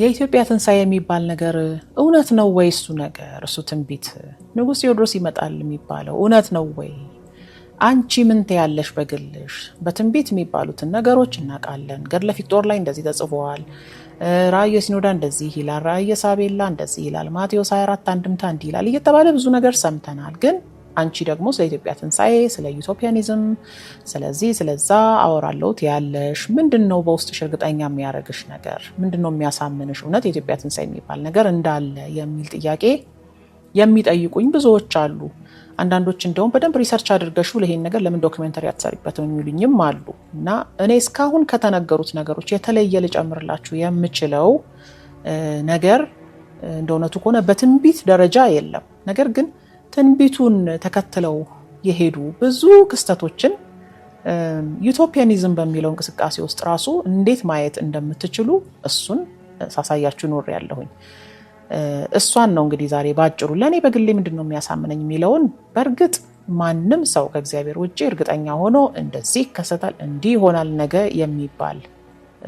የኢትዮጵያ ትንሣኤ የሚባል ነገር እውነት ነው ወይ? እሱ ነገር እሱ ትንቢት ንጉሥ ቴዎድሮስ ይመጣል የሚባለው እውነት ነው ወይ? አንቺ ምን ትያለሽ? በግልሽ በትንቢት የሚባሉትን ነገሮች እናውቃለን። ገድለ ፊቅጦር ላይ እንደዚህ ተጽፈዋል። ራእየ ሲኖዳ እንደዚህ ይላል፣ ራእየ ሳቤላ እንደዚህ ይላል፣ ማቴዎስ 24 አንድምታ እንዲህ ይላል እየተባለ ብዙ ነገር ሰምተናል ግን አንቺ ደግሞ ስለ ኢትዮጵያ ትንሣኤ፣ ስለ ዩቶፒያኒዝም፣ ስለዚህ ስለዛ አወራለሁ ትያለሽ። ምንድን ነው በውስጥሽ እርግጠኛ የሚያደርግሽ ነገር? ምንድን ነው የሚያሳምንሽ እውነት የኢትዮጵያ ትንሣኤ የሚባል ነገር እንዳለ የሚል ጥያቄ የሚጠይቁኝ ብዙዎች አሉ። አንዳንዶች እንደውም በደንብ ሪሰርች አድርገሽው ለይሄን ነገር ለምን ዶክመንተሪ አትሰሪበትም የሚሉኝም አሉ። እና እኔ እስካሁን ከተነገሩት ነገሮች የተለየ ልጨምርላችሁ የምችለው ነገር እንደ እውነቱ ከሆነ በትንቢት ደረጃ የለም ነገር ግን ትንቢቱን ተከትለው የሄዱ ብዙ ክስተቶችን ዩቶፒያኒዝም በሚለው እንቅስቃሴ ውስጥ ራሱ እንዴት ማየት እንደምትችሉ እሱን ሳሳያችሁ ኖር ያለሁኝ እሷን ነው እንግዲህ ዛሬ ባጭሩ ለእኔ በግሌ ምንድን ነው የሚያሳምነኝ የሚለውን በእርግጥ ማንም ሰው ከእግዚአብሔር ውጭ እርግጠኛ ሆኖ እንደዚህ ይከሰታል፣ እንዲህ ይሆናል ነገ የሚባል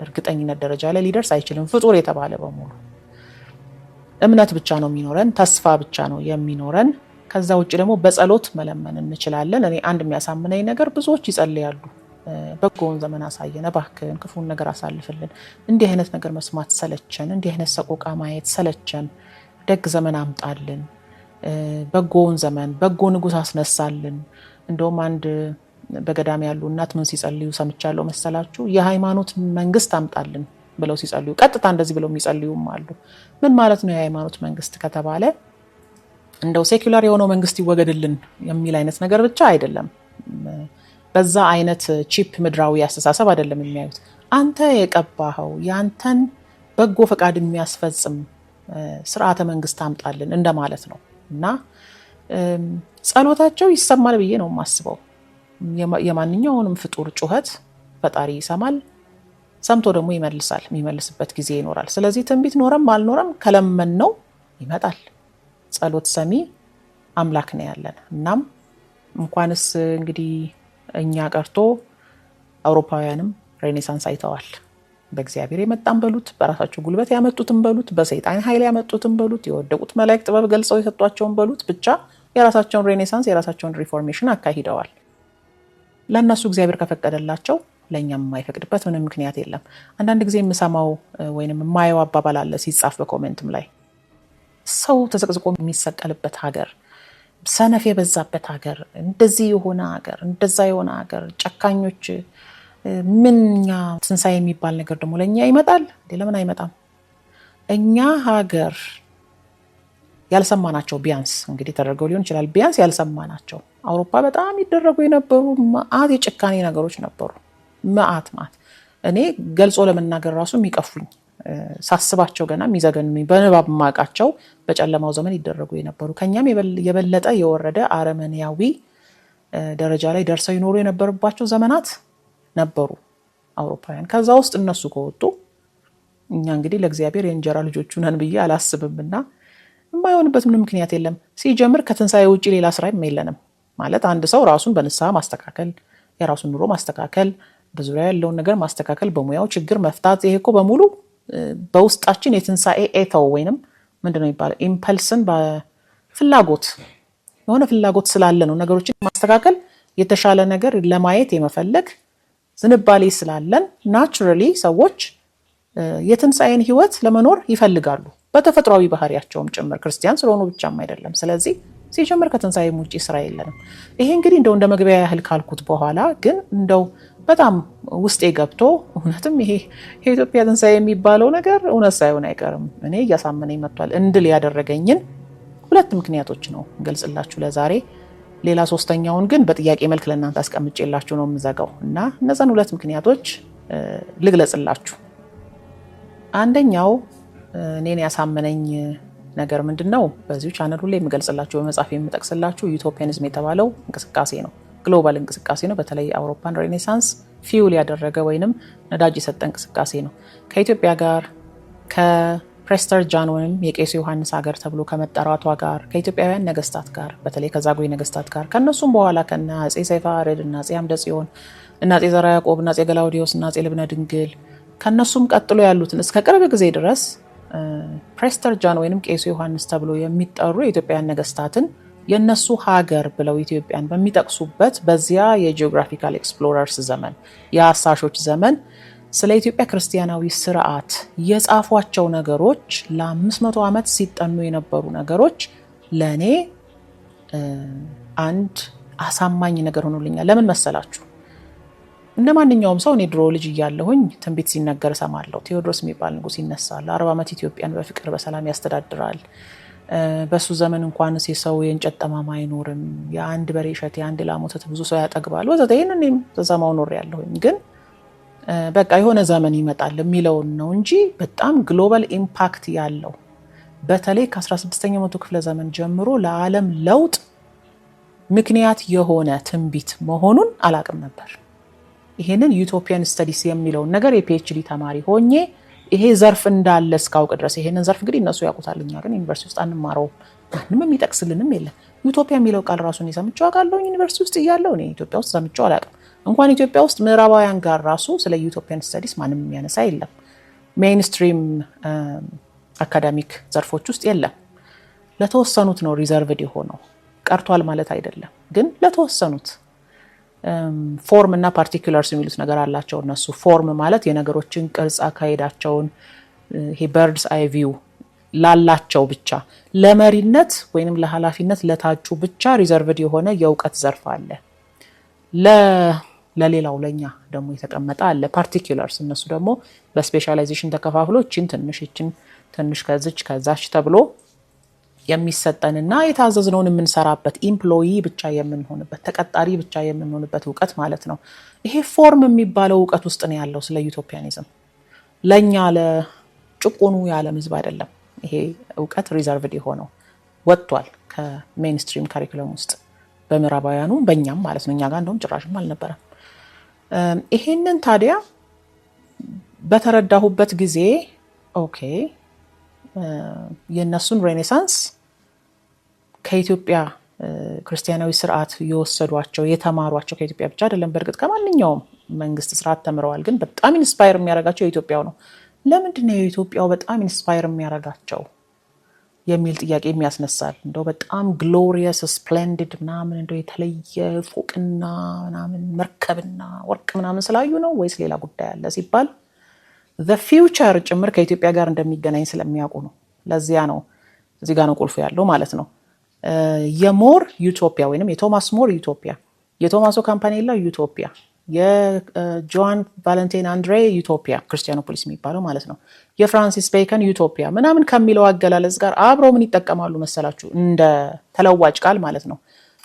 እርግጠኝነት ደረጃ ላይ ሊደርስ አይችልም። ፍጡር የተባለ በሙሉ እምነት ብቻ ነው የሚኖረን፣ ተስፋ ብቻ ነው የሚኖረን። ከዛ ውጭ ደግሞ በጸሎት መለመን እንችላለን። እኔ አንድ የሚያሳምነኝ ነገር ብዙዎች ይጸልያሉ። በጎውን ዘመን አሳየን ባክን ክፉን ነገር አሳልፍልን፣ እንዲህ አይነት ነገር መስማት ሰለቸን፣ እንዲህ አይነት ሰቆቃ ማየት ሰለቸን፣ ደግ ዘመን አምጣልን፣ በጎውን ዘመን በጎ ንጉሥ አስነሳልን። እንደውም አንድ በገዳም ያሉ እናት ምን ሲጸልዩ ሰምቻለሁ መሰላችሁ? የሃይማኖት መንግስት አምጣልን ብለው ሲጸልዩ፣ ቀጥታ እንደዚህ ብለው የሚጸልዩም አሉ። ምን ማለት ነው የሃይማኖት መንግስት ከተባለ እንደው ሴኩላር የሆነው መንግስት ይወገድልን የሚል አይነት ነገር ብቻ አይደለም። በዛ አይነት ቺፕ ምድራዊ አስተሳሰብ አይደለም የሚያዩት። አንተ የቀባኸው ያንተን በጎ ፈቃድ የሚያስፈጽም ስርዓተ መንግስት አምጣልን እንደማለት ነው እና ጸሎታቸው ይሰማል ብዬ ነው የማስበው። የማንኛውንም ፍጡር ጩኸት ፈጣሪ ይሰማል፣ ሰምቶ ደግሞ ይመልሳል። የሚመልስበት ጊዜ ይኖራል። ስለዚህ ትንቢት ኖረም አልኖረም ከለመን ነው ይመጣል። ጸሎት ሰሚ አምላክ ነው ያለን። እናም እንኳንስ እንግዲህ እኛ ቀርቶ አውሮፓውያንም ሬኔሳንስ አይተዋል። በእግዚአብሔር የመጣን በሉት፣ በራሳቸው ጉልበት ያመጡትን በሉት፣ በሰይጣን ኃይል ያመጡትን በሉት፣ የወደቁት መላእክት ጥበብ ገልጸው የሰጧቸውን በሉት፣ ብቻ የራሳቸውን ሬኔሳንስ የራሳቸውን ሪፎርሜሽን አካሂደዋል። ለእነሱ እግዚአብሔር ከፈቀደላቸው ለእኛም የማይፈቅድበት ምንም ምክንያት የለም። አንዳንድ ጊዜ የምሰማው ወይም የማየው አባባል አለ ሲጻፍ በኮሜንትም ላይ ሰው ተዘቅዝቆ የሚሰቀልበት ሀገር፣ ሰነፍ የበዛበት ሀገር፣ እንደዚህ የሆነ ሀገር፣ እንደዛ የሆነ ሀገር፣ ጨካኞች ምንኛ ትንሣኤ የሚባል ነገር ደግሞ ለእኛ ይመጣል። ለምን አይመጣም? እኛ ሀገር ያልሰማናቸው ቢያንስ እንግዲህ ተደርገው ሊሆን ይችላል። ቢያንስ ያልሰማናቸው አውሮፓ በጣም ይደረጉ የነበሩ መዓት የጭካኔ ነገሮች ነበሩ። መዓት መዓት እኔ ገልጾ ለመናገር ራሱ የሚቀፉኝ ሳስባቸው ገና የሚዘገኑ በንባብ ማቃቸው በጨለማው ዘመን ይደረጉ የነበሩ ከኛም የበለጠ የወረደ አረመኔያዊ ደረጃ ላይ ደርሰው ይኖሩ የነበረባቸው ዘመናት ነበሩ አውሮፓውያን። ከዛ ውስጥ እነሱ ከወጡ እኛ እንግዲህ ለእግዚአብሔር የእንጀራ ልጆቹ ነን ብዬ አላስብም እና የማይሆንበት ምንም ምክንያት የለም። ሲጀምር ከትንሳኤ ውጭ ሌላ ስራም የለንም ማለት አንድ ሰው ራሱን በንስሐ ማስተካከል፣ የራሱን ኑሮ ማስተካከል፣ በዙሪያ ያለውን ነገር ማስተካከል፣ በሙያው ችግር መፍታት ይሄ እኮ በሙሉ በውስጣችን የትንሣኤ ኤተው ወይንም ምንድ ነው የሚባለው ኢምፐልስን ፍላጎት የሆነ ፍላጎት ስላለ ነው ነገሮችን ማስተካከል የተሻለ ነገር ለማየት የመፈለግ ዝንባሌ ስላለን ናቹራሊ ሰዎች የትንሣኤን ህይወት ለመኖር ይፈልጋሉ። በተፈጥሯዊ ባህሪያቸውም ጭምር ክርስቲያን ስለሆኑ ብቻም አይደለም። ስለዚህ ሲጀምር ከትንሣኤም ውጭ ስራ የለንም። ይሄ እንግዲህ እንደው እንደ መግቢያ ያህል ካልኩት በኋላ ግን እንደው በጣም ውስጤ ገብቶ እውነትም ይሄ የኢትዮጵያ ትንሣኤ የሚባለው ነገር እውነት ሳይሆን አይቀርም እኔ እያሳመነኝ መጥቷል እንድል ያደረገኝን ሁለት ምክንያቶች ነው ገልጽላችሁ ለዛሬ። ሌላ ሶስተኛውን ግን በጥያቄ መልክ ለእናንተ አስቀምጬላችሁ ነው የምዘጋው እና እነዛን ሁለት ምክንያቶች ልግለጽላችሁ። አንደኛው እኔን ያሳመነኝ ነገር ምንድን ነው? በዚሁ ቻነል ሁሌ የምገልጽላችሁ በመጽሐፍ የምጠቅስላችሁ ዩቶፒያኒዝም የተባለው እንቅስቃሴ ነው። ግሎባል እንቅስቃሴ ነው። በተለይ አውሮፓን ሬኔሳንስ ፊውል ያደረገ ወይንም ነዳጅ የሰጠ እንቅስቃሴ ነው። ከኢትዮጵያ ጋር ከፕሬስተር ጃን ወይም የቄሱ ዮሐንስ ሀገር ተብሎ ከመጠራቷ ጋር ከኢትዮጵያውያን ነገስታት ጋር በተለይ ከዛጉዌ ነገስታት ጋር ከእነሱም በኋላ ከነ አፄ ሰይፈ እና አፄ አምደ ጽዮን እና አፄ ዘርዓ ያዕቆብ እና አፄ ገላውዲዮስ እና አፄ ልብነ ድንግል ከእነሱም ቀጥሎ ያሉትን እስከ ቅርብ ጊዜ ድረስ ፕሬስተር ጃን ወይንም ቄሱ ዮሐንስ ተብሎ የሚጠሩ የኢትዮጵያውያን ነገስታትን የእነሱ ሀገር ብለው ኢትዮጵያን በሚጠቅሱበት በዚያ የጂኦግራፊካል ኤክስፕሎረርስ ዘመን የአሳሾች ዘመን ስለ ኢትዮጵያ ክርስቲያናዊ ስርዓት የጻፏቸው ነገሮች ለ500 ዓመት ሲጠኑ የነበሩ ነገሮች ለእኔ አንድ አሳማኝ ነገር ሆኖልኛል። ለምን መሰላችሁ? እንደ ማንኛውም ሰው እኔ ድሮ ልጅ እያለሁኝ ትንቢት ሲነገር እሰማለሁ። ቴዎድሮስ የሚባል ንጉስ ይነሳል፣ አርባ ዓመት ኢትዮጵያን በፍቅር በሰላም ያስተዳድራል በሱ ዘመን እንኳን የሰው የእንጨት ጠማማ አይኖርም፣ የአንድ በሬ እሸት የአንድ ላም ወተት ብዙ ሰው ያጠግባል ወዘተ። ይህን እኔም ተሰማው ኖር ያለሁኝ ግን በቃ የሆነ ዘመን ይመጣል የሚለውን ነው እንጂ በጣም ግሎባል ኢምፓክት ያለው በተለይ ከ16ኛው መቶ ክፍለ ዘመን ጀምሮ ለዓለም ለውጥ ምክንያት የሆነ ትንቢት መሆኑን አላቅም ነበር። ይህንን ዩቶፒያን ስተዲስ የሚለውን ነገር የፒኤችዲ ተማሪ ሆኜ ይሄ ዘርፍ እንዳለ እስካውቅ ድረስ ይሄንን ዘርፍ እንግዲህ እነሱ ያውቁታል፣ እኛ ግን ዩኒቨርሲቲ ውስጥ አንማረው ማንም የሚጠቅስልንም የለም። ዩቶፒያ የሚለው ቃል እኔ ሰምቼው አውቃለሁ ዩኒቨርሲቲ ውስጥ እያለሁ። እኔ ኢትዮጵያ ውስጥ ሰምቼው አላውቅም። እንኳን ኢትዮጵያ ውስጥ ምዕራባውያን ጋር ራሱ ስለ ዩቶፒያን ስተዲስ ማንም የሚያነሳ የለም። ሜይንስትሪም አካዳሚክ um, ዘርፎች ውስጥ የለም። ለተወሰኑት ነው ሪዘርቭድ የሆነው። ቀርቷል ማለት አይደለም፣ ግን ለተወሰኑት ፎርም እና ፓርቲኩለርስ የሚሉት ነገር አላቸው እነሱ። ፎርም ማለት የነገሮችን ቅርጽ አካሄዳቸውን ይሄ በርድስ አይ ቪው ላላቸው ብቻ ለመሪነት ወይንም ለኃላፊነት ለታጩ ብቻ ሪዘርቭድ የሆነ የእውቀት ዘርፍ አለ። ለሌላው ለኛ ደግሞ የተቀመጠ አለ ፓርቲኩለርስ። እነሱ ደግሞ በስፔሻላይዜሽን ተከፋፍሎ ይችን ትንሽ ችን ትንሽ ከዝች ከዛች ተብሎ የሚሰጠንና የታዘዝነውን የምንሰራበት ኢምፕሎይ ብቻ የምንሆንበት ተቀጣሪ ብቻ የምንሆንበት እውቀት ማለት ነው። ይሄ ፎርም የሚባለው እውቀት ውስጥ ነው ያለው ስለ ዩቶፒያኒዝም። ለእኛ ለጭቁኑ የዓለም ህዝብ አይደለም ይሄ እውቀት ሪዘርቭድ የሆነው ወጥቷል ከሜንስትሪም ካሪኩለም ውስጥ በምዕራባውያኑ በእኛም ማለት ነው። እኛ ጋር እንደውም ጭራሽም አልነበረም። ይሄንን ታዲያ በተረዳሁበት ጊዜ ኦኬ የእነሱን ሬኔሳንስ ከኢትዮጵያ ክርስቲያናዊ ስርዓት የወሰዷቸው የተማሯቸው ከኢትዮጵያ ብቻ አይደለም፣ በእርግጥ ከማንኛውም መንግስት ስርዓት ተምረዋል። ግን በጣም ኢንስፓየር የሚያደርጋቸው የኢትዮጵያው ነው። ለምንድን ነው የኢትዮጵያው በጣም ኢንስፓየር የሚያደርጋቸው የሚል ጥያቄ የሚያስነሳል። እንደው በጣም ግሎሪየስ ስፕሌንዲድ ምናምን እንደው የተለየ ፎቅና ምናምን መርከብና ወርቅ ምናምን ስላዩ ነው ወይስ ሌላ ጉዳይ አለ ሲባል ፊውቸር ጭምር ከኢትዮጵያ ጋር እንደሚገናኝ ስለሚያውቁ ነው። ለዚያ ነው እዚህ ጋር ነው ቁልፍ ያለው ማለት ነው። የሞር ዩቶፒያ ወይም የቶማስ ሞር ዩቶፒያ፣ የቶማሶ ካምፓኔላ ዩቶፒያ፣ የጆን ቫለንቲን አንድሬ ዩቶፒያ ክርስቲያኖፖሊስ የሚባለው ማለት ነው። የፍራንሲስ ቤከን ዩቶፒያ ምናምን ከሚለው አገላለጽ ጋር አብረው ምን ይጠቀማሉ መሰላችሁ? እንደ ተለዋጭ ቃል ማለት ነው።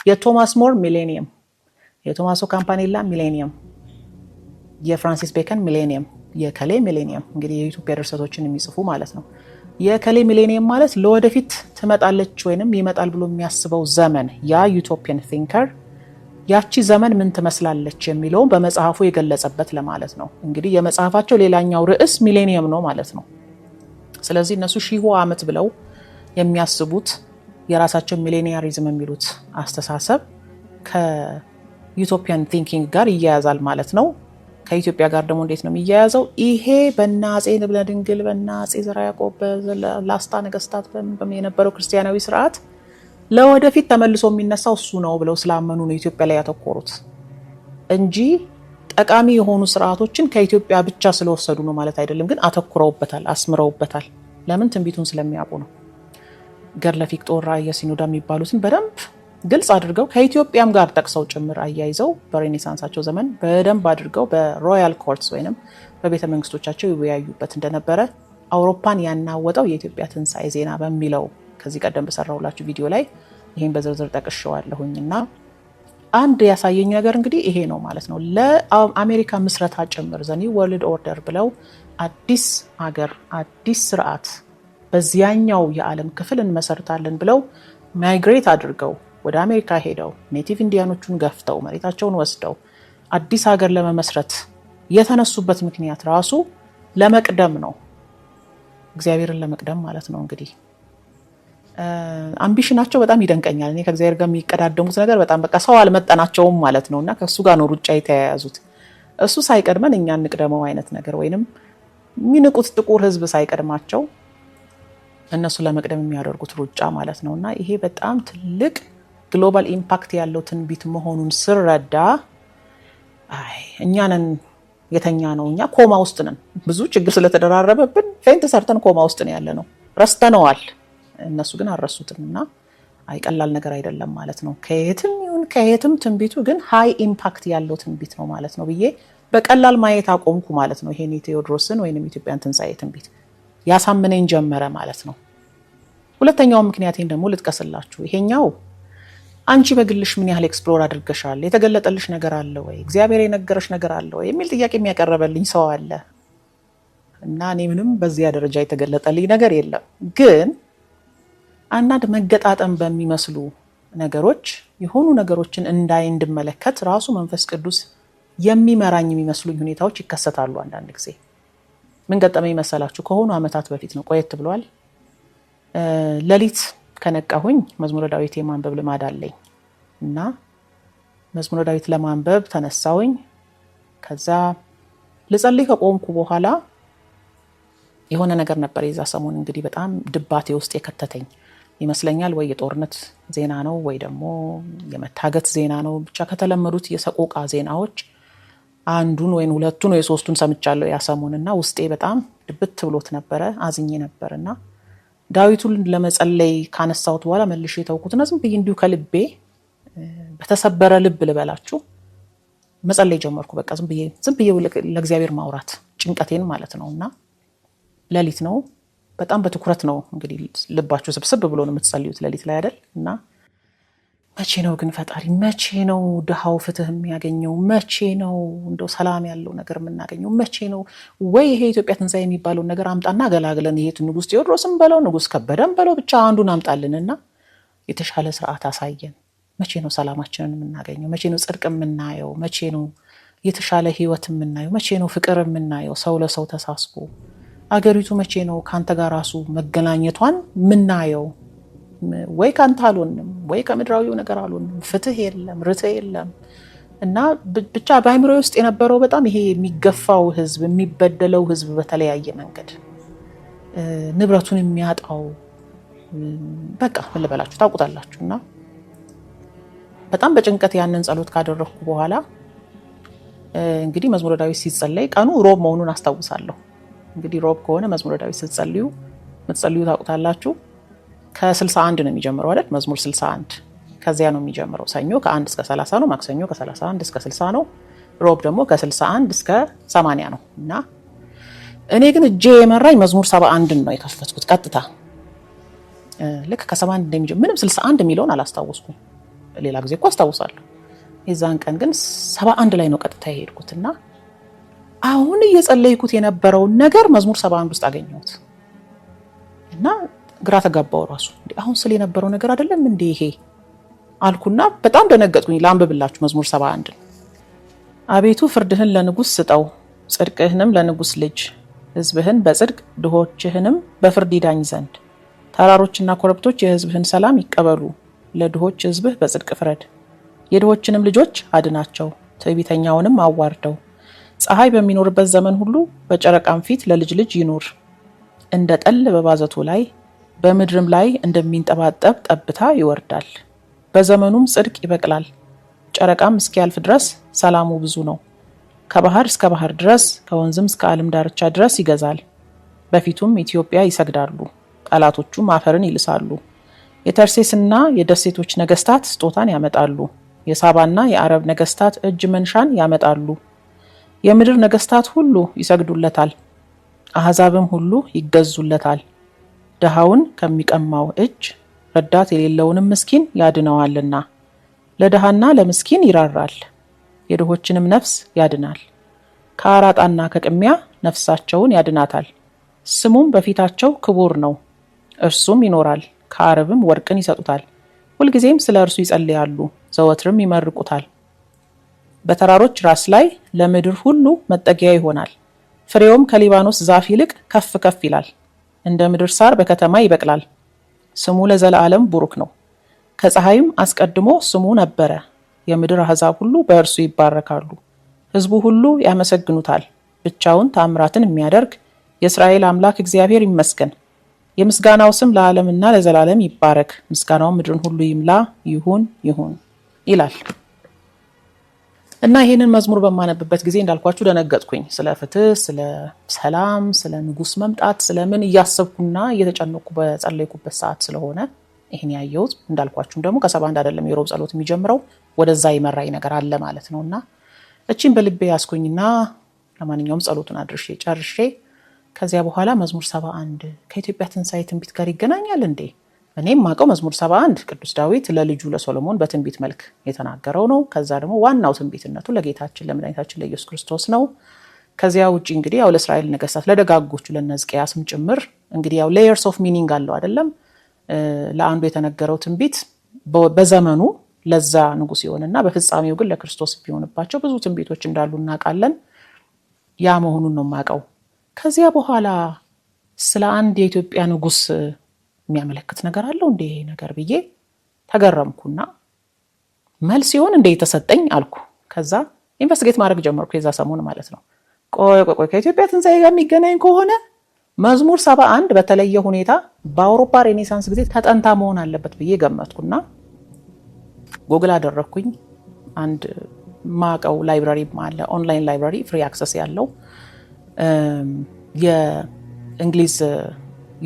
የቶማስ ሞር ሚሌኒየም፣ የቶማሶ ካምፓኔላ ሚሌኒየም፣ የፍራንሲስ ቤከን ሚሌኒየም፣ የከሌ ሚሌኒየም እንግዲህ የኢትዮጵያ ድርሰቶችን የሚጽፉ ማለት ነው። የከሌ ሚሌኒየም ማለት ለወደፊት ትመጣለች ወይንም ይመጣል ብሎ የሚያስበው ዘመን ያ ዩቶፒያን ቲንከር ያቺ ዘመን ምን ትመስላለች የሚለውን በመጽሐፉ የገለጸበት ለማለት ነው። እንግዲህ የመጽሐፋቸው ሌላኛው ርዕስ ሚሌኒየም ነው ማለት ነው። ስለዚህ እነሱ ሺሁ ዓመት ብለው የሚያስቡት የራሳቸው ሚሌኒያሪዝም የሚሉት አስተሳሰብ ከዩቶፒያን ቲንኪንግ ጋር ይያያዛል ማለት ነው። ከኢትዮጵያ ጋር ደግሞ እንዴት ነው የሚያያዘው? ይሄ በእነ አጼ ልብነ ድንግል በእነ አጼ ዘርዓ ያዕቆብ ላስታ ነገስታት የነበረው ክርስቲያናዊ ስርዓት ለወደፊት ተመልሶ የሚነሳው እሱ ነው ብለው ስላመኑ ነው ኢትዮጵያ ላይ ያተኮሩት እንጂ ጠቃሚ የሆኑ ስርዓቶችን ከኢትዮጵያ ብቻ ስለወሰዱ ነው ማለት አይደለም። ግን አተኩረውበታል፣ አስምረውበታል። ለምን? ትንቢቱን ስለሚያውቁ ነው። ገድለ ፊቅጦራ፣ የሲኖዳ የሚባሉትን በደንብ ግልጽ አድርገው ከኢትዮጵያም ጋር ጠቅሰው ጭምር አያይዘው በሬኔሳንሳቸው ዘመን በደንብ አድርገው በሮያል ኮርትስ ወይም በቤተ መንግስቶቻቸው ይወያዩበት እንደነበረ አውሮፓን ያናወጠው የኢትዮጵያ ትንሣኤ ዜና በሚለው ከዚህ ቀደም በሰራሁላችሁ ቪዲዮ ላይ ይህን በዝርዝር ጠቅሸዋለሁኝ እና አንድ ያሳየኝ ነገር እንግዲህ ይሄ ነው ማለት ነው። ለአሜሪካ ምስረታ ጭምር ዘኒ ወርልድ ኦርደር ብለው አዲስ አገር አዲስ ስርዓት በዚያኛው የዓለም ክፍል እንመሰርታለን ብለው ማይግሬት አድርገው ወደ አሜሪካ ሄደው ኔቲቭ ኢንዲያኖቹን ገፍተው መሬታቸውን ወስደው አዲስ ሀገር ለመመስረት የተነሱበት ምክንያት ራሱ ለመቅደም ነው፣ እግዚአብሔርን ለመቅደም ማለት ነው። እንግዲህ አምቢሽናቸው በጣም ይደንቀኛል። እኔ ከእግዚአብሔር ጋር የሚቀዳደሙት ነገር በጣም በቃ ሰው አልመጠናቸውም ማለት ነው። እና ከእሱ ጋር ነው ሩጫ የተያያዙት። እሱ ሳይቀድመን እኛ እንቅደመው አይነት ነገር ወይንም የሚንቁት ጥቁር ህዝብ ሳይቀድማቸው እነሱ ለመቅደም የሚያደርጉት ሩጫ ማለት ነው እና ይሄ በጣም ትልቅ ግሎባል ኢምፓክት ያለው ትንቢት መሆኑን ስረዳ አይ የተኛ ነው፣ እኛ ኮማ ውስጥ ነን፣ ብዙ ችግር ስለተደራረበብን ፌንት ሰርተን ኮማ ውስጥ ነው ያለ ነው፣ ረስተነዋል። እነሱ ግን አልረሱትም እና አይ ቀላል ነገር አይደለም ማለት ነው። ከየትም ይሁን ከየትም ትንቢቱ ግን ሀይ ኢምፓክት ያለው ትንቢት ነው ማለት ነው ብዬ በቀላል ማየት አቆምኩ ማለት ነው። ይሄን የቴዎድሮስን ወይም ኢትዮጵያን ትንሣኤ ትንቢት ያሳምነኝ ጀመረ ማለት ነው። ሁለተኛው ምክንያቴን ደግሞ ልጥቀስላችሁ። ይሄኛው አንቺ በግልሽ ምን ያህል ኤክስፕሎር አድርገሻል? የተገለጠልሽ ነገር አለ ወይ? እግዚአብሔር የነገረሽ ነገር አለ ወይ የሚል ጥያቄ የሚያቀረበልኝ ሰው አለ እና እኔ ምንም በዚያ ደረጃ የተገለጠልኝ ነገር የለም። ግን አንዳንድ መገጣጠም በሚመስሉ ነገሮች የሆኑ ነገሮችን እንዳይ እንድመለከት ራሱ መንፈስ ቅዱስ የሚመራኝ የሚመስሉኝ ሁኔታዎች ይከሰታሉ። አንዳንድ ጊዜ ምን ገጠመኝ መሰላችሁ? ከሆኑ ዓመታት በፊት ነው፣ ቆየት ብለዋል። ሌሊት ከነቃሁኝ መዝሙረ ዳዊት የማንበብ ልማድ አለኝ እና መዝሙረ ዳዊት ለማንበብ ተነሳውኝ ከዛ ልጸልይ ከቆምኩ በኋላ የሆነ ነገር ነበር የዛ ሰሞን እንግዲህ በጣም ድባቴ ውስጥ የከተተኝ ይመስለኛል። ወይ የጦርነት ዜና ነው ወይ ደግሞ የመታገት ዜና ነው። ብቻ ከተለመዱት የሰቆቃ ዜናዎች አንዱን ወይም ሁለቱን ወይ ሶስቱን ሰምቻለሁ ያ ሰሞን እና ውስጤ በጣም ድብት ብሎት ነበረ። አዝኜ ነበር እና ዳዊቱን ለመጸለይ ካነሳሁት በኋላ መልሼ የተውኩትና ዝም ብዬ እንዲሁ ከልቤ በተሰበረ ልብ ልበላችሁ መጸለይ ጀመርኩ። በቃ ዝም ብዬ ዝም ብዬ ለእግዚአብሔር ማውራት ጭንቀቴን ማለት ነው። እና ሌሊት ነው፣ በጣም በትኩረት ነው እንግዲህ ልባችሁ ስብስብ ብሎ ነው የምትጸልዩት ሌሊት ላይ አይደል እና መቼ ነው ግን ፈጣሪ፣ መቼ ነው ድሃው ፍትህ የሚያገኘው? መቼ ነው እንደው ሰላም ያለው ነገር የምናገኘው? መቼ ነው ወይ ይሄ የኢትዮጵያ ትንሣኤ የሚባለውን ነገር አምጣና አገላግለን ይሄት ንጉስ ቴዎድሮስም በለው ንጉስ ከበደም በለው ብቻ አንዱን አምጣልንና የተሻለ ስርዓት አሳየን። መቼ ነው ሰላማችንን የምናገኘው? መቼ ነው ጽድቅ የምናየው? መቼ ነው የተሻለ ህይወት የምናየው? መቼ ነው ፍቅር የምናየው? ሰው ለሰው ተሳስቦ አገሪቱ መቼ ነው ከአንተ ጋር ራሱ መገናኘቷን የምናየው? ወይ ከአንተ አልሆንም ወይ ከምድራዊው ነገር አልሆንም፣ ፍትህ የለም፣ ርት የለም እና ብቻ በአይምሮ ውስጥ የነበረው በጣም ይሄ የሚገፋው ህዝብ፣ የሚበደለው ህዝብ በተለያየ መንገድ ንብረቱን የሚያጣው በቃ ምን ልበላችሁ ታውቁታላችሁ። እና በጣም በጭንቀት ያንን ጸሎት ካደረግኩ በኋላ እንግዲህ መዝሙረ ዳዊት ሲጸለይ ቀኑ ሮብ መሆኑን አስታውሳለሁ። እንግዲህ ሮብ ከሆነ መዝሙረ ዳዊት ስትጸልዩ ምትጸልዩ ታውቁታላችሁ። ከ61 ነው የሚጀምረው አይደል? መዝሙር 61 ከዚያ ነው የሚጀምረው። ሰኞ ከ1 እስከ 30 ነው። ማክሰኞ ከ31 እስከ 60 ነው። ሮብ ደግሞ ከ61 እስከ 80 ነው እና እኔ ግን እጄ የመራኝ መዝሙር 71ን ነው የከፈትኩት ቀጥታ ልክ ከ71 እንደሚጀምር ምንም 61 የሚለውን አላስታወስኩም። ሌላ ጊዜ እኮ አስታውሳለሁ። የዛን ቀን ግን 71 ላይ ነው ቀጥታ የሄድኩት እና አሁን እየጸለይኩት የነበረውን ነገር መዝሙር 71 ውስጥ አገኘሁት እና ግራ ተጋባው ራሱ አሁን ስል የነበረው ነገር አይደለም እንዴ ይሄ አልኩና በጣም ደነገጥኩኝ። ለአንብብላችሁ መዝሙር ሰባ አንድ አቤቱ ፍርድህን ለንጉስ ስጠው፣ ጽድቅህንም ለንጉስ ልጅ። ህዝብህን በጽድቅ ድሆችህንም በፍርድ ይዳኝ ዘንድ። ተራሮችና ኮረብቶች የህዝብህን ሰላም ይቀበሉ። ለድሆች ህዝብህ በጽድቅ ፍረድ፣ የድሆችንም ልጆች አድናቸው፣ ትዕቢተኛውንም አዋርደው። ፀሐይ በሚኖርበት ዘመን ሁሉ በጨረቃም ፊት ለልጅ ልጅ ይኑር። እንደ ጠል በባዘቱ ላይ በምድርም ላይ እንደሚንጠባጠብ ጠብታ ይወርዳል። በዘመኑም ጽድቅ ይበቅላል። ጨረቃም እስኪያልፍ ድረስ ሰላሙ ብዙ ነው። ከባህር እስከ ባህር ድረስ ከወንዝም እስከ ዓለም ዳርቻ ድረስ ይገዛል። በፊቱም ኢትዮጵያ ይሰግዳሉ፣ ጠላቶቹም አፈርን ይልሳሉ። የተርሴስና የደሴቶች ነገስታት ስጦታን ያመጣሉ። የሳባና የአረብ ነገስታት እጅ መንሻን ያመጣሉ። የምድር ነገስታት ሁሉ ይሰግዱለታል፣ አሕዛብም ሁሉ ይገዙለታል። ድሃውን ከሚቀማው እጅ ረዳት የሌለውንም ምስኪን ያድነዋልና። ለድሃና ለምስኪን ይራራል፣ የድሆችንም ነፍስ ያድናል። ከአራጣና ከቅሚያ ነፍሳቸውን ያድናታል። ስሙም በፊታቸው ክቡር ነው፣ እርሱም ይኖራል። ከአረብም ወርቅን ይሰጡታል። ሁልጊዜም ስለ እርሱ ይጸልያሉ፣ ዘወትርም ይመርቁታል። በተራሮች ራስ ላይ ለምድር ሁሉ መጠጊያ ይሆናል። ፍሬውም ከሊባኖስ ዛፍ ይልቅ ከፍ ከፍ ይላል። እንደ ምድር ሳር በከተማ ይበቅላል። ስሙ ለዘላለም ቡሩክ ነው። ከፀሐይም አስቀድሞ ስሙ ነበረ። የምድር አሕዛብ ሁሉ በእርሱ ይባረካሉ። ሕዝቡ ሁሉ ያመሰግኑታል። ብቻውን ታምራትን የሚያደርግ የእስራኤል አምላክ እግዚአብሔር ይመስገን። የምስጋናው ስም ለዓለምና ለዘላለም ይባረክ። ምስጋናው ምድርን ሁሉ ይምላ። ይሁን ይሁን ይላል። እና ይሄንን መዝሙር በማነብበት ጊዜ እንዳልኳችሁ ደነገጥኩኝ። ስለ ፍትህ፣ ስለ ሰላም፣ ስለ ንጉስ መምጣት ስለምን እያሰብኩና እየተጨነኩ በጸለይኩበት ሰዓት ስለሆነ ይህን ያየሁት እንዳልኳችሁም ደግሞ ከሰባ አንድ አይደለም የሮብ ጸሎት የሚጀምረው ወደዛ ይመራኝ ነገር አለ ማለት ነው እና እቺን በልቤ ያስኩኝና ለማንኛውም ጸሎቱን አድርሼ ጨርሼ ከዚያ በኋላ መዝሙር ሰባ አንድ ከኢትዮጵያ ትንሣኤ ትንቢት ጋር ይገናኛል እንዴ እኔም ማቀው መዝሙር 71 ቅዱስ ዳዊት ለልጁ ለሶሎሞን በትንቢት መልክ የተናገረው ነው። ከዛ ደግሞ ዋናው ትንቢትነቱ ለጌታችን ለመድኃኒታችን ለኢየሱስ ክርስቶስ ነው። ከዚያ ውጭ እንግዲህ ያው ለእስራኤል ነገስታት ለደጋጎቹ ለነዝቅያስም ጭምር እንግዲህ ያው ሌየርስ ኦፍ ሚኒንግ አለው አይደለም። ለአንዱ የተነገረው ትንቢት በዘመኑ ለዛ ንጉስ ይሆንና በፍጻሜው ግን ለክርስቶስ ቢሆንባቸው ብዙ ትንቢቶች እንዳሉ እናውቃለን። ያ መሆኑን ነው ማቀው። ከዚያ በኋላ ስለ አንድ የኢትዮጵያ ንጉስ የሚያመለክት ነገር አለው ይሄ ነገር ብዬ ተገረምኩና መልስ ሲሆን እንደ የተሰጠኝ አልኩ። ከዛ ኢንቨስቲጌት ማድረግ ጀመርኩ፣ የዛ ሰሞን ማለት ነው። ቆይ ቆይ ከኢትዮጵያ ትንሣኤ ጋር የሚገናኝ ከሆነ መዝሙር ሰባ አንድ በተለየ ሁኔታ በአውሮፓ ሬኔሳንስ ጊዜ ተጠንታ መሆን አለበት ብዬ ገመትኩና ጎግል አደረግኩኝ። አንድ ማቀው ላይብራሪ አለ፣ ኦንላይን ላይብራሪ ፍሪ አክሰስ ያለው የእንግሊዝ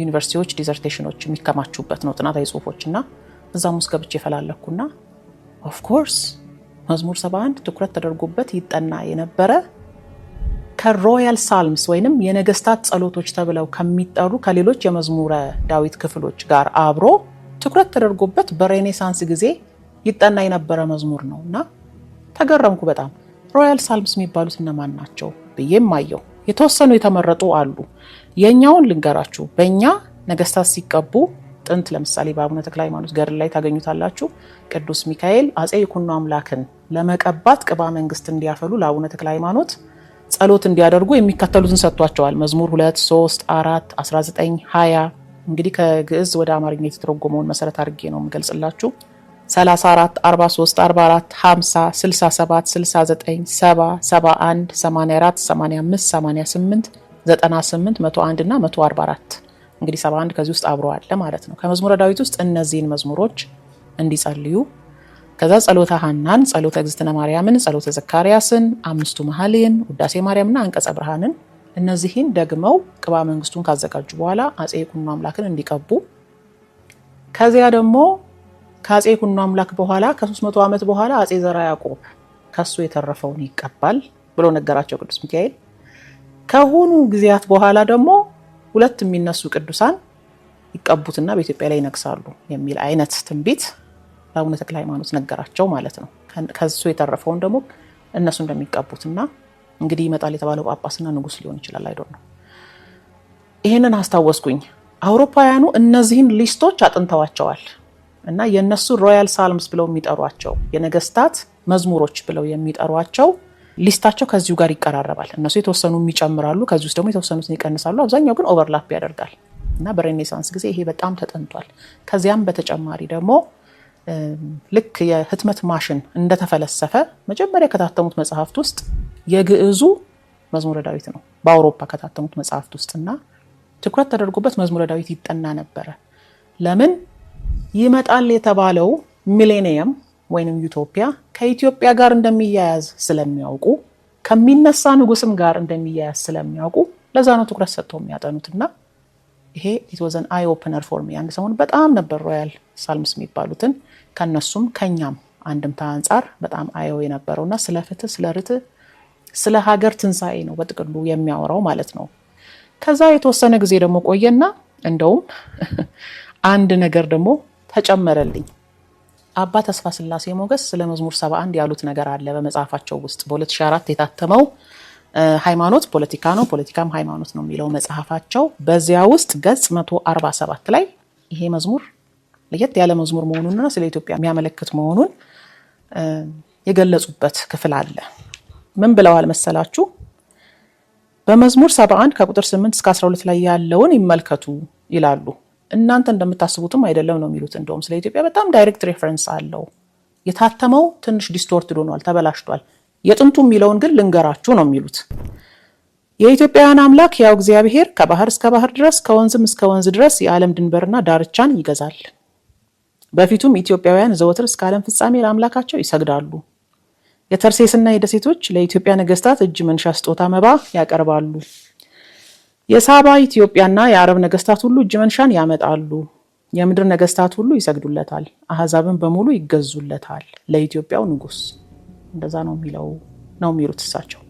ዩኒቨርሲቲዎች ዲዘርቴሽኖች የሚከማቹበት ነው ጥናታዊ ጽሁፎች እና እዛም ውስጥ ገብቼ የፈላለኩና ኦፍኮርስ መዝሙር 71 ትኩረት ተደርጎበት ይጠና የነበረ ከሮያል ሳልምስ ወይንም የነገስታት ጸሎቶች ተብለው ከሚጠሩ ከሌሎች የመዝሙረ ዳዊት ክፍሎች ጋር አብሮ ትኩረት ተደርጎበት በሬኔሳንስ ጊዜ ይጠና የነበረ መዝሙር ነው እና ተገረምኩ በጣም። ሮያል ሳልምስ የሚባሉት እነማን ናቸው ብዬም አየው። የተወሰኑ የተመረጡ አሉ። የእኛውን ልንገራችሁ። በእኛ ነገስታት ሲቀቡ ጥንት ለምሳሌ በአቡነ ተክለ ሃይማኖት ገድል ላይ ታገኙታላችሁ። ቅዱስ ሚካኤል አፄ ይኩኖ አምላክን ለመቀባት ቅባ መንግስት እንዲያፈሉ ለአቡነ ተክለ ሃይማኖት ጸሎት እንዲያደርጉ የሚከተሉትን ሰጥቷቸዋል። መዝሙር 2፣ 3፣ 4፣ 19፣ 20 እንግዲህ ከግዕዝ ወደ አማርኛ የተተረጎመውን መሰረት አድርጌ ነው የምገልጽላችሁ። 34፣ 43፣ 44፣ 50፣ 67፣ 69፣ 70፣ 71፣ 84፣ 85፣ 88 98 101 እና 144 እንግዲህ 71 ከዚህ ውስጥ አብሮ አለ ማለት ነው። ከመዝሙረ ዳዊት ውስጥ እነዚህን መዝሙሮች እንዲጸልዩ ከዛ ጸሎተ ሐናን፣ ጸሎተ እግዝእትነ ማርያምን፣ ጸሎተ ዘካርያስን፣ አምስቱ መሐሌን፣ ውዳሴ ማርያምና አንቀጸ ብርሃንን እነዚህን ደግመው ቅባ መንግስቱን ካዘጋጁ በኋላ አጼ ይኩኖ አምላክን እንዲቀቡ ከዚያ ደግሞ ከአጼ ይኩኖ አምላክ በኋላ ከ300 ዓመት በኋላ አጼ ዘራ ያዕቆብ ከሱ የተረፈውን ይቀባል ብሎ ነገራቸው ቅዱስ ሚካኤል። ከሆኑ ጊዜያት በኋላ ደግሞ ሁለት የሚነሱ ቅዱሳን ይቀቡትና በኢትዮጵያ ላይ ይነግሳሉ የሚል አይነት ትንቢት ለአቡነ ተክለ ሃይማኖት ነገራቸው ማለት ነው። ከሱ የተረፈውን ደግሞ እነሱ እንደሚቀቡትና እንግዲህ ይመጣል የተባለው ጳጳስና ንጉስ ሊሆን ይችላል አይዶ ነው። ይህንን አስታወስኩኝ። አውሮፓውያኑ እነዚህን ሊስቶች አጥንተዋቸዋል እና የእነሱ ሮያል ሳልምስ ብለው የሚጠሯቸው የነገስታት መዝሙሮች ብለው የሚጠሯቸው ሊስታቸው ከዚሁ ጋር ይቀራረባል። እነሱ የተወሰኑ የሚጨምራሉ፣ ከዚ ውስጥ ደግሞ የተወሰኑትን ይቀንሳሉ። አብዛኛው ግን ኦቨርላፕ ያደርጋል እና በሬኔሳንስ ጊዜ ይሄ በጣም ተጠንቷል። ከዚያም በተጨማሪ ደግሞ ልክ የህትመት ማሽን እንደተፈለሰፈ መጀመሪያ ከታተሙት መጽሐፍት ውስጥ የግዕዙ መዝሙረ ዳዊት ነው በአውሮፓ ከታተሙት መጽሐፍት ውስጥ እና ትኩረት ተደርጎበት መዝሙረ ዳዊት ይጠና ነበረ። ለምን ይመጣል የተባለው ሚሌኒየም ወይንም ዩቶፒያ ከኢትዮጵያ ጋር እንደሚያያዝ ስለሚያውቁ ከሚነሳ ንጉስም ጋር እንደሚያያዝ ስለሚያውቁ ለዛ ነው ትኩረት ሰጥተው የሚያጠኑትና ይሄ ኢትወዘን አይ ኦፕነር ፎርሚ አንድ ሰሞን በጣም ነበር ሮያል ሳልምስ የሚባሉትን ከነሱም ከኛም አንድምታ አንጻር በጣም አየው የነበረውና ስለ ፍትህ፣ ስለ ርትዕ፣ ስለ ሀገር ትንሣኤ ነው በጥቅሉ የሚያወራው ማለት ነው። ከዛ የተወሰነ ጊዜ ደግሞ ቆየና እንደውም አንድ ነገር ደግሞ ተጨመረልኝ። አባ ተስፋ ስላሴ ሞገስ ስለ መዝሙር 71 ያሉት ነገር አለ በመጽሐፋቸው ውስጥ በ2004 የታተመው ሃይማኖት ፖለቲካ ነው፣ ፖለቲካም ሃይማኖት ነው የሚለው መጽሐፋቸው በዚያ ውስጥ ገጽ 147 ላይ ይሄ መዝሙር ለየት ያለ መዝሙር መሆኑንና ስለ ኢትዮጵያ የሚያመለክት መሆኑን የገለጹበት ክፍል አለ። ምን ብለዋል መሰላችሁ? በመዝሙር 71 ከቁጥር 8 እስከ 12 ላይ ያለውን ይመልከቱ ይላሉ። እናንተ እንደምታስቡትም አይደለም ነው የሚሉት። እንደውም ስለ ኢትዮጵያ በጣም ዳይሬክት ሬፈረንስ አለው። የታተመው ትንሽ ዲስቶርትድ ሆኗል፣ ተበላሽቷል። የጥንቱ የሚለውን ግን ልንገራችሁ ነው የሚሉት። የኢትዮጵያውያን አምላክ ያው እግዚአብሔር ከባህር እስከ ባህር ድረስ ከወንዝም እስከ ወንዝ ድረስ የዓለም ድንበርና ዳርቻን ይገዛል። በፊቱም ኢትዮጵያውያን ዘወትር እስከ ዓለም ፍጻሜ ለአምላካቸው ይሰግዳሉ። የተርሴስና የደሴቶች ለኢትዮጵያ ነገስታት እጅ መንሻ ስጦታ መባ ያቀርባሉ። የሳባ ኢትዮጵያና የአረብ ነገስታት ሁሉ እጅ መንሻን ያመጣሉ። የምድር ነገስታት ሁሉ ይሰግዱለታል፣ አህዛብን በሙሉ ይገዙለታል። ለኢትዮጵያው ንጉስ እንደዛ ነው የሚለው ነው የሚሉት እሳቸው።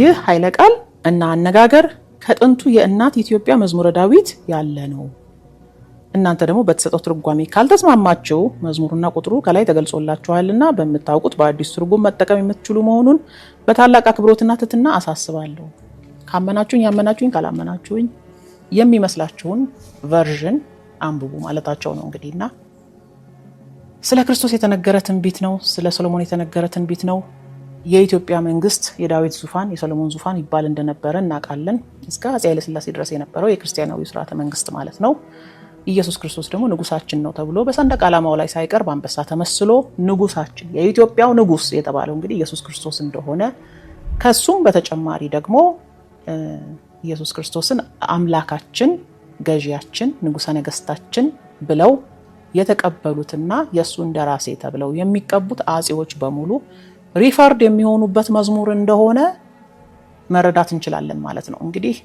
ይህ ኃይለ ቃል እና አነጋገር ከጥንቱ የእናት ኢትዮጵያ መዝሙረ ዳዊት ያለ ነው። እናንተ ደግሞ በተሰጠው ትርጓሜ ካልተስማማችሁ መዝሙሩና ቁጥሩ ከላይ ተገልጾላችኋልና በምታውቁት በአዲስ ትርጉም መጠቀም የምትችሉ መሆኑን በታላቅ አክብሮትና ትትና አሳስባለሁ። ካመናችሁኝ ያመናችሁኝ፣ ካላመናችሁኝ የሚመስላችሁን ቨርዥን አንብቡ ማለታቸው ነው እንግዲህ እና ስለ ክርስቶስ የተነገረ ትንቢት ነው። ስለ ሰሎሞን የተነገረ ትንቢት ነው። የኢትዮጵያ መንግስት የዳዊት ዙፋን የሰሎሞን ዙፋን ይባል እንደነበረ እናውቃለን። እስከ አፄ ኃይለስላሴ ድረስ የነበረው የክርስቲያናዊ ስርዓተ መንግስት ማለት ነው። ኢየሱስ ክርስቶስ ደግሞ ንጉሳችን ነው ተብሎ በሰንደቅ ዓላማው ላይ ሳይቀር በአንበሳ ተመስሎ ንጉሳችን የኢትዮጵያው ንጉስ የተባለው እንግዲህ ኢየሱስ ክርስቶስ እንደሆነ ከሱም በተጨማሪ ደግሞ ኢየሱስ ክርስቶስን አምላካችን፣ ገዢያችን፣ ንጉሠ ነገሥታችን ብለው የተቀበሉትና የእሱ እንደራሴ ተብለው የሚቀቡት አጼዎች በሙሉ ሪፈርድ የሚሆኑበት መዝሙር እንደሆነ መረዳት እንችላለን ማለት ነው። እንግዲህ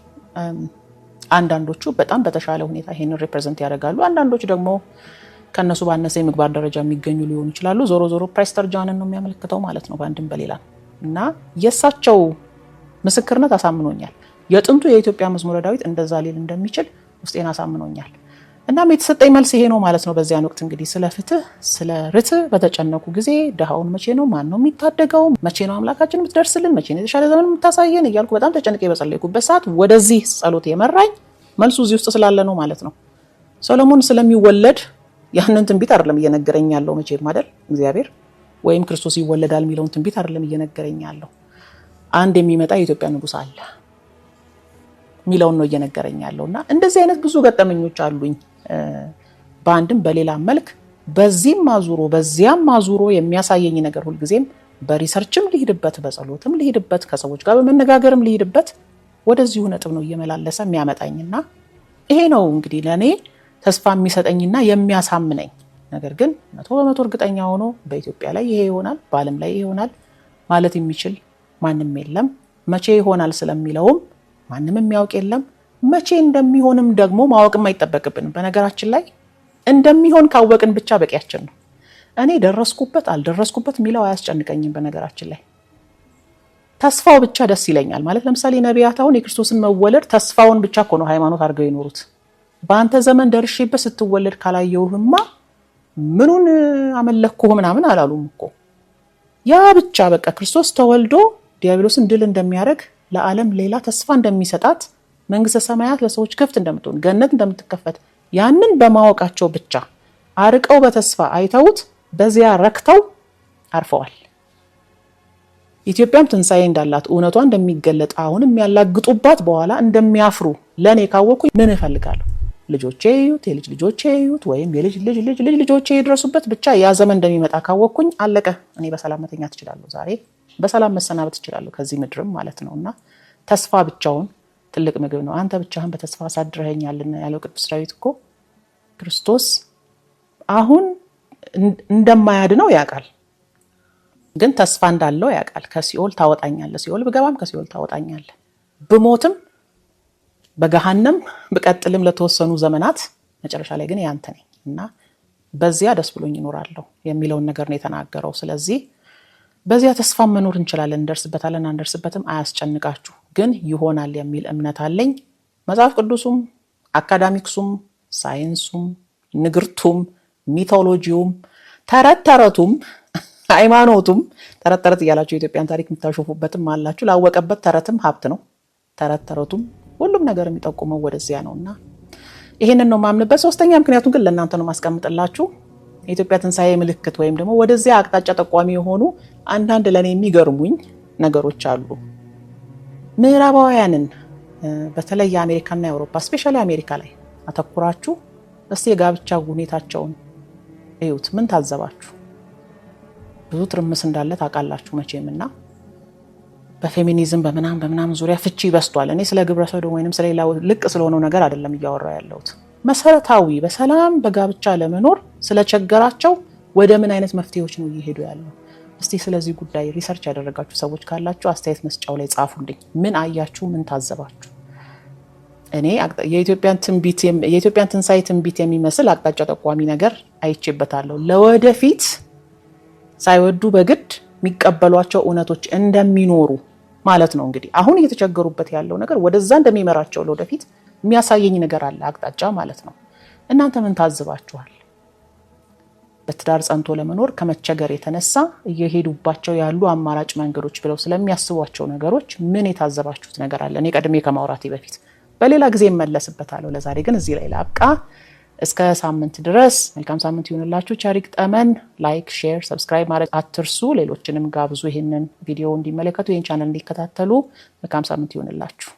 አንዳንዶቹ በጣም በተሻለ ሁኔታ ይሄንን ሪፕሬዘንት ያደርጋሉ። አንዳንዶቹ ደግሞ ከእነሱ ባነሰ የምግባር ደረጃ የሚገኙ ሊሆኑ ይችላሉ። ዞሮ ዞሮ ፕሬስተር ጃንን ነው የሚያመለክተው ማለት ነው በአንድም በሌላ እና የእሳቸው ምስክርነት አሳምኖኛል። የጥንቱ የኢትዮጵያ መዝሙረ ዳዊት እንደዛ ሊል እንደሚችል ውስጤን አሳምኖኛል። እናም የተሰጠኝ መልስ ይሄ ነው ማለት ነው። በዚያን ወቅት እንግዲህ ስለ ፍትህ፣ ስለ ርትዕ በተጨነቁ ጊዜ ድሃውን መቼ ነው ማን ነው የሚታደገው? መቼ ነው አምላካችን የምትደርስልን? መቼ ነው የተሻለ ዘመን የምታሳየን? እያልኩ በጣም ተጨንቄ በጸለይኩበት ሰዓት ወደዚህ ጸሎት የመራኝ መልሱ እዚህ ውስጥ ስላለ ነው ማለት ነው። ሰሎሞን ስለሚወለድ ያንን ትንቢት አይደለም እየነገረኝ ያለው መቼም አይደል እግዚአብሔር ወይም ክርስቶስ ይወለዳል የሚለውን ትንቢት አይደለም እየነገረኝ ያለው አንድ የሚመጣ የኢትዮጵያ ንጉስ አለ የሚለውን ነው እየነገረኝ ያለው እና እንደዚህ አይነት ብዙ ገጠመኞች አሉኝ። በአንድም በሌላ መልክ በዚህም ማዙሮ በዚያም ማዙሮ የሚያሳየኝ ነገር ሁልጊዜም በሪሰርችም ልሂድበት፣ በጸሎትም ልሂድበት፣ ከሰዎች ጋር በመነጋገርም ልሂድበት ወደዚሁ ነጥብ ነው እየመላለሰ የሚያመጣኝና ይሄ ነው እንግዲህ ለእኔ ተስፋ የሚሰጠኝና የሚያሳምነኝ ነገር ግን መቶ በመቶ እርግጠኛ ሆኖ በኢትዮጵያ ላይ ይሄ ይሆናል፣ በአለም ላይ ይሄ ይሆናል ማለት የሚችል ማንም የለም። መቼ ይሆናል ስለሚለውም ማንም የሚያውቅ የለም። መቼ እንደሚሆንም ደግሞ ማወቅም አይጠበቅብንም። በነገራችን ላይ እንደሚሆን ካወቅን ብቻ በቂያችን ነው። እኔ ደረስኩበት አልደረስኩበት የሚለው አያስጨንቀኝም። በነገራችን ላይ ተስፋው ብቻ ደስ ይለኛል። ማለት ለምሳሌ ነቢያት አሁን የክርስቶስን መወለድ ተስፋውን ብቻ እኮ ነው ሃይማኖት አድርገው የኖሩት። በአንተ ዘመን ደርሼበት ስትወለድ ካላየውህማ ምኑን አመለክኩህ ምናምን አላሉም እኮ ያ ብቻ በቃ ክርስቶስ ተወልዶ ዲያብሎስን ድል እንደሚያደርግ ለዓለም ሌላ ተስፋ እንደሚሰጣት መንግስተ ሰማያት ለሰዎች ክፍት እንደምትሆን ገነት እንደምትከፈት ያንን በማወቃቸው ብቻ አርቀው በተስፋ አይተውት በዚያ ረክተው አርፈዋል። ኢትዮጵያም ትንሣኤ እንዳላት እውነቷ እንደሚገለጥ አሁንም ያላግጡባት በኋላ እንደሚያፍሩ ለእኔ ካወቅኩኝ ምን እፈልጋለሁ? ልጆቼ ይዩት፣ የልጅ ልጆቼ ይዩት፣ ወይም የልጅ ልጅ ልጅ ልጅ ልጆቼ ይድረሱበት። ብቻ ያ ዘመን እንደሚመጣ ካወቅኩኝ አለቀ። እኔ በሰላም መተኛ ትችላለሁ፣ ዛሬ በሰላም መሰናበት ትችላለሁ፣ ከዚህ ምድርም ማለት ነው። እና ተስፋ ብቻውን ትልቅ ምግብ ነው። አንተ ብቻህን በተስፋ አሳድረኸኛልና ያለው ቅዱስ ዳዊት እኮ ክርስቶስ አሁን እንደማያድነው ያውቃል፣ ግን ተስፋ እንዳለው ያውቃል። ከሲኦል ታወጣኛለህ፣ ሲኦል ብገባም ከሲኦል ታወጣኛለህ፣ ብሞትም በገሃነም ብቀጥልም ለተወሰኑ ዘመናት መጨረሻ ላይ ግን ያንተ ነኝ እና በዚያ ደስ ብሎኝ ይኖራለሁ የሚለውን ነገር ነው የተናገረው። ስለዚህ በዚያ ተስፋ መኖር እንችላለን። እንደርስበታለን፣ አንደርስበትም፣ አያስጨንቃችሁ፣ ግን ይሆናል የሚል እምነት አለኝ። መጽሐፍ ቅዱሱም አካዳሚክሱም ሳይንሱም ንግርቱም ሚቶሎጂውም ተረት ተረቱም ሃይማኖቱም ተረት ተረት እያላችሁ የኢትዮጵያን ታሪክ የምታሾፉበትም አላችሁ። ላወቀበት ተረትም ሀብት ነው። ተረት ተረቱም ሁሉም ነገር የሚጠቁመው ወደዚያ ነው እና ይህንን ነው ማምንበት። ሶስተኛ ምክንያቱም ግን ለእናንተ ነው ማስቀምጥላችሁ የኢትዮጵያ ትንሣኤ ምልክት ወይም ደግሞ ወደዚያ አቅጣጫ ጠቋሚ የሆኑ አንዳንድ ለእኔ የሚገርሙኝ ነገሮች አሉ። ምዕራባውያንን በተለይ የአሜሪካና የአውሮፓ ስፔሻሊ አሜሪካ ላይ አተኩራችሁ እስቲ የጋብቻ ሁኔታቸውን እዩት። ምን ታዘባችሁ? ብዙ ትርምስ እንዳለ ታውቃላችሁ መቼም እና በፌሚኒዝም በምናም በምናምን ዙሪያ ፍቺ ይበስቷል። እኔ ስለ ግብረ ሰዶም ወይም ስለሌላ ልቅ ስለሆነው ነገር አይደለም እያወራ ያለሁት። መሰረታዊ በሰላም በጋብቻ ለመኖር ስለቸገራቸው ወደ ምን አይነት መፍትሄዎች ነው እየሄዱ ያለ? እስቲ ስለዚህ ጉዳይ ሪሰርች ያደረጋችሁ ሰዎች ካላችሁ አስተያየት መስጫው ላይ ጻፉልኝ። ምን አያችሁ? ምን ታዘባችሁ? እኔ የኢትዮጵያን ትንሳኤ ትንቢት የሚመስል አቅጣጫ ጠቋሚ ነገር አይቼበታለሁ። ለወደፊት ሳይወዱ በግድ የሚቀበሏቸው እውነቶች እንደሚኖሩ ማለት ነው። እንግዲህ አሁን እየተቸገሩበት ያለው ነገር ወደዛ እንደሚመራቸው ለወደፊት የሚያሳየኝ ነገር አለ፣ አቅጣጫ ማለት ነው። እናንተ ምን ታዝባችኋል? በትዳር ጸንቶ ለመኖር ከመቸገር የተነሳ እየሄዱባቸው ያሉ አማራጭ መንገዶች ብለው ስለሚያስቧቸው ነገሮች ምን የታዘባችሁት ነገር አለ? እኔ ቀድሜ ከማውራቴ በፊት በሌላ ጊዜ እመለስበታለሁ። ለዛሬ ግን እዚህ ላይ ላብቃ። እስከ ሳምንት ድረስ መልካም ሳምንት ይሁንላችሁ። ቸሪክ ጠመን ላይክ፣ ሼር፣ ሰብስክራይብ ማድረግ አትርሱ። ሌሎችንም ጋብዙ፣ ይህንን ቪዲዮ እንዲመለከቱ፣ ይህን ቻናል እንዲከታተሉ። መልካም ሳምንት ይሁንላችሁ።